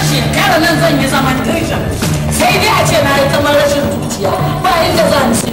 shi nan zan yi zaman dirshan sai dai a ce na yi kamar rashin zuciya ba inda zan ni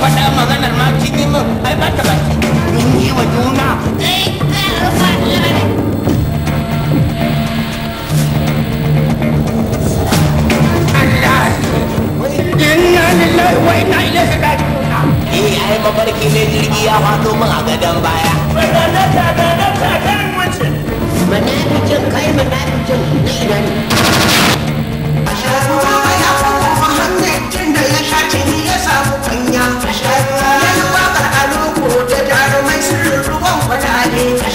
faɗa maganar ma kin yi min ai ba ta baki mun yi wa juna ai ai rufa lare inna lillahi wa inna ilaihi raji'un eh ai mafarki ne jirgi ya fato min a gadon baya mananaja da na ta kan wuce manafikin kai mana manafikin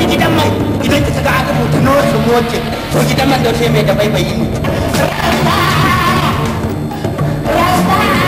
tafi gidan mai gidan ki ga aka rubuta gidan man da mai da baibayi ne